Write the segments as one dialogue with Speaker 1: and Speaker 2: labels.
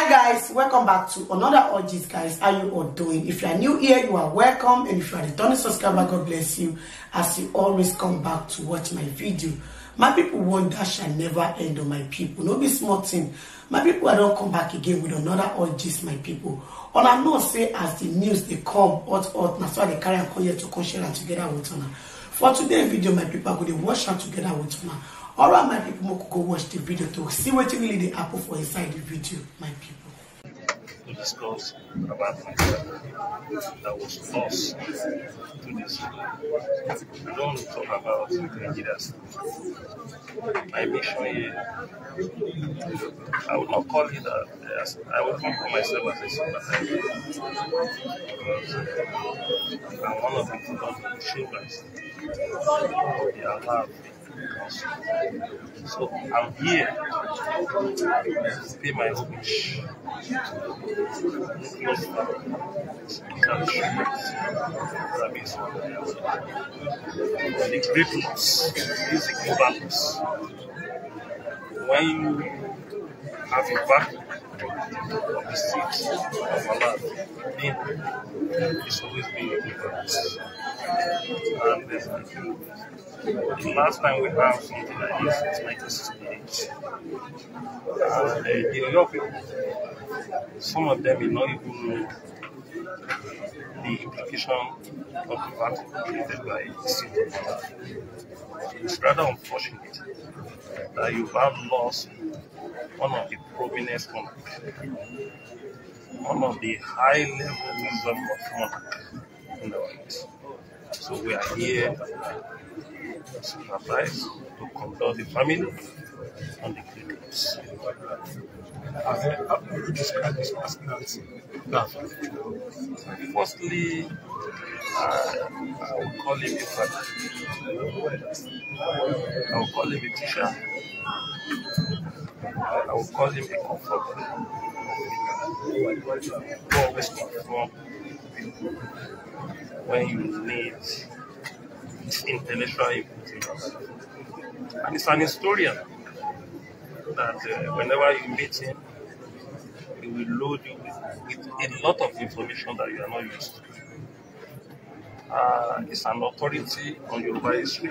Speaker 1: hi guys welcome back to another orgies guys how you all doing if you are new here you are welcome and if you are returning subscriber god bless you as you always come back to watch my video my people won't that shall never end on oh, my people no be small thing my people i don't come back again with another orgies my people all i know say as the news they come hot hot that's why they carry and come here to come share and together with honor for today's video my people are going to watch and together with honor all right my people go watch the video to see wetin really dey apple for inside the video my people. to discuss about myself. That was forced to this. We don't talk about leaders. My mission here, I would not call it that. as, I would not call myself as a sympathizer. Because uh, I'm one of the children of the Allah. So I'm here to pay my homage. The great roots, music overlaps. When you have a vacuum of the streets of Allah, then it's always been a difference. The last time we have something like this was 1968. And uh, the young people, some of them may not even know the implication of the vaccine created by the city. It's rather unfortunate that you have lost one of the prominent monarchs, one of the high level wisdom of monarchs. So we are here to Rabbis to condole the family and the greetings. How would you describe this personality? Firstly, uh, I will call him a father. I will call him a teacher. I will call him a comforter. Always conform when you need this intellectual input. And it's an historian that uh, whenever you meet him, he will load you with, with, a lot of information that you are not used to. Uh, it's an authority on Yoruba history,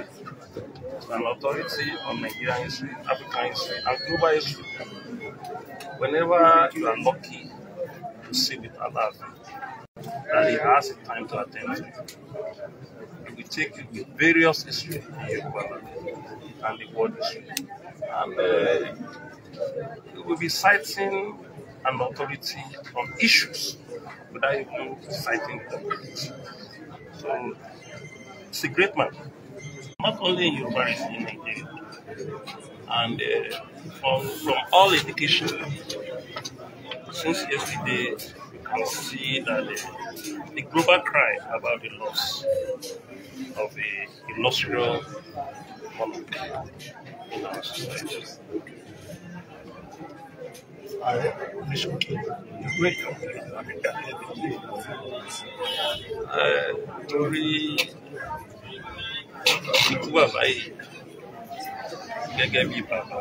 Speaker 1: it's an authority on Nigerian history, African history, and global history. Whenever you are lucky to see with Alaafin, and he has time to attend to it. He will take you with various issues and the world history. And uh, he will be citing an authority on issues without even citing them. So it's a great man, not only in Yoruba, in Nigeria. And uh, from, from all education, since yesterday, we see that the, the global cry about the loss of the industrial monarch in our society. Uh, torí ikú bàbá yìí gẹ́gẹ́ bí bàbá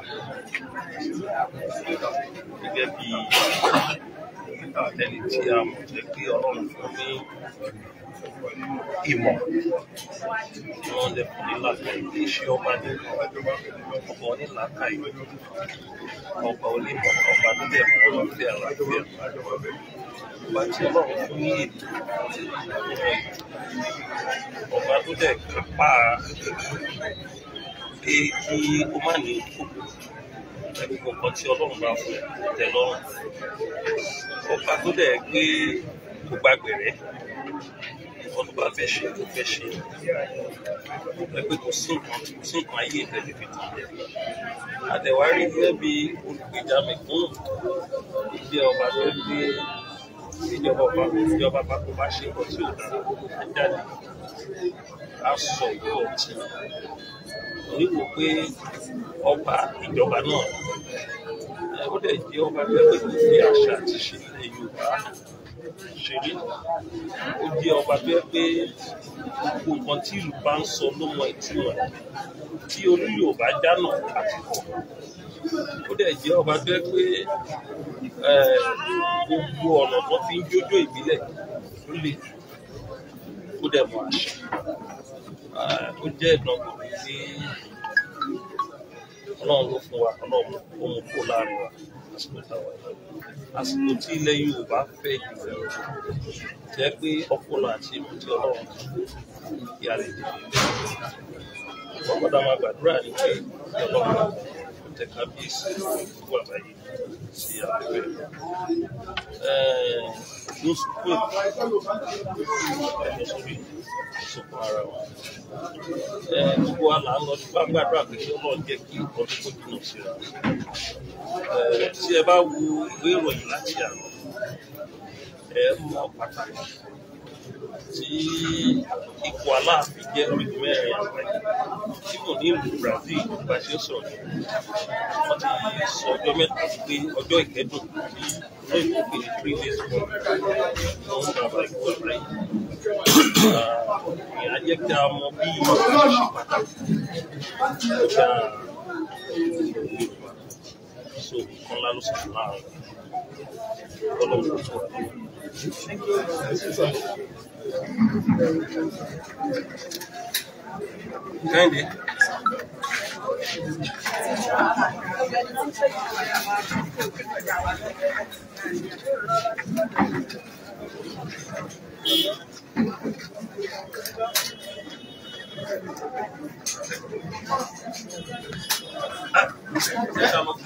Speaker 1: gẹ́gẹ́ bí àtẹni tí a mọ̀ jẹ́ pé ọlọ́run fún ní ìmọ̀ tí wọ́n lè fún ní làákàyè tí iṣẹ́ ọba ní ọba onílàákàyè ọba onímọ̀ ọba tó dẹ̀ mọ́ ọba tó dẹ̀ ra ọba tí ọlọ́run fún ní ètò ọba tó dẹ̀ kápá pé kí o má ní kókó ẹni kọ̀ọ̀kan tí ọlọ́run bá fún ẹ kó tẹ lọ́rùn ọba tó dẹ̀ pé kò gbàgbé rẹ nǹkan tó bá fẹ́ ṣe tó fẹ́ ṣe ẹ pé kò sí nǹkan kò sí nǹkan ayé ìfẹ́ lè fi tàn jẹ bí olùgbèjà mẹ̀kúnnù ìgbé ọba tó gbé ìjọba ọba ìjọba àpapọ̀ bá ṣe nǹkan tí ò dára sọ ìwé ọ̀tún oníwò pé ọba ìjọba náà ó dẹ̀ jẹ́ ọba pẹ́pẹ́ tó fi àṣà àti ṣe ilẹ̀ Yorùbá ṣeré ó jẹ́ ọba pẹ́pẹ́ gbogbo nǹkan tí ìlú bá ń sọ ló mọ ìtumọ̀ tí olú Yorùbá dáná àti kọ̀ ó dẹ̀ jẹ́ ọba pẹ́pẹ́ gbogbo ọ̀nà tó fi ń jójó ìbílẹ̀ ló lè jù dẹ̀ mọ àṣà ó jẹ́ ìdánwò ọlọ́run ló fún wa ọlọ́run ó mú kó láàrin wa àsìkò táwa yìí àsìkò tí ilẹ̀ yorùbá fẹ́ jù lọ jẹ́ pé ọpọlọ àti ìmọ̀ tí ọlọ́run kí a lè dìbò ọ̀pọ̀lọpọ̀ máa gbàdúrà ní pé ọlọ́run tẹ kábíyèsí wà báyìí sí àgbẹ̀ nos pé ìṣòkò ara wa ẹ gbogbo wa là ń lọ sí gbàgbàdúrà pé kí ọlọ́run jẹ́ kí ọdún kó dínà síra tí ẹ tí ipò aláàfin jẹ́ lórí mẹ́rin àgbáyé tí kò ní ìlú Brazil nígbà tí ó sọ̀rọ̀ wọ́n ti sọ ọjọ́ mẹ́ta pé ọjọ́ ìkẹ́dùn ní ọjọ́ ìkókè ní three days ago ló ń gbàgbà ikú ọ̀rẹ́ ìyẹn á jẹ́ kí a mọ bí ìwà ṣe pàtàkì ó dá Yorùbá so nǹkan ló sì fún Entende? Thank you.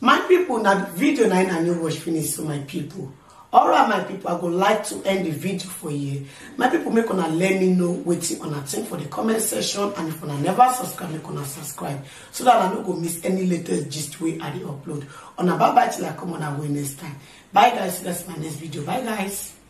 Speaker 1: My people, na video na I new watch finish so my people all right my people i would like to end the video for you. my people make una let me know wetin una think for the comment section and if una never subscribe make una subscribe so that i don't go miss any latest gist we are dey upload a bye bye till i come on our next time bye guys That's my next video bye guys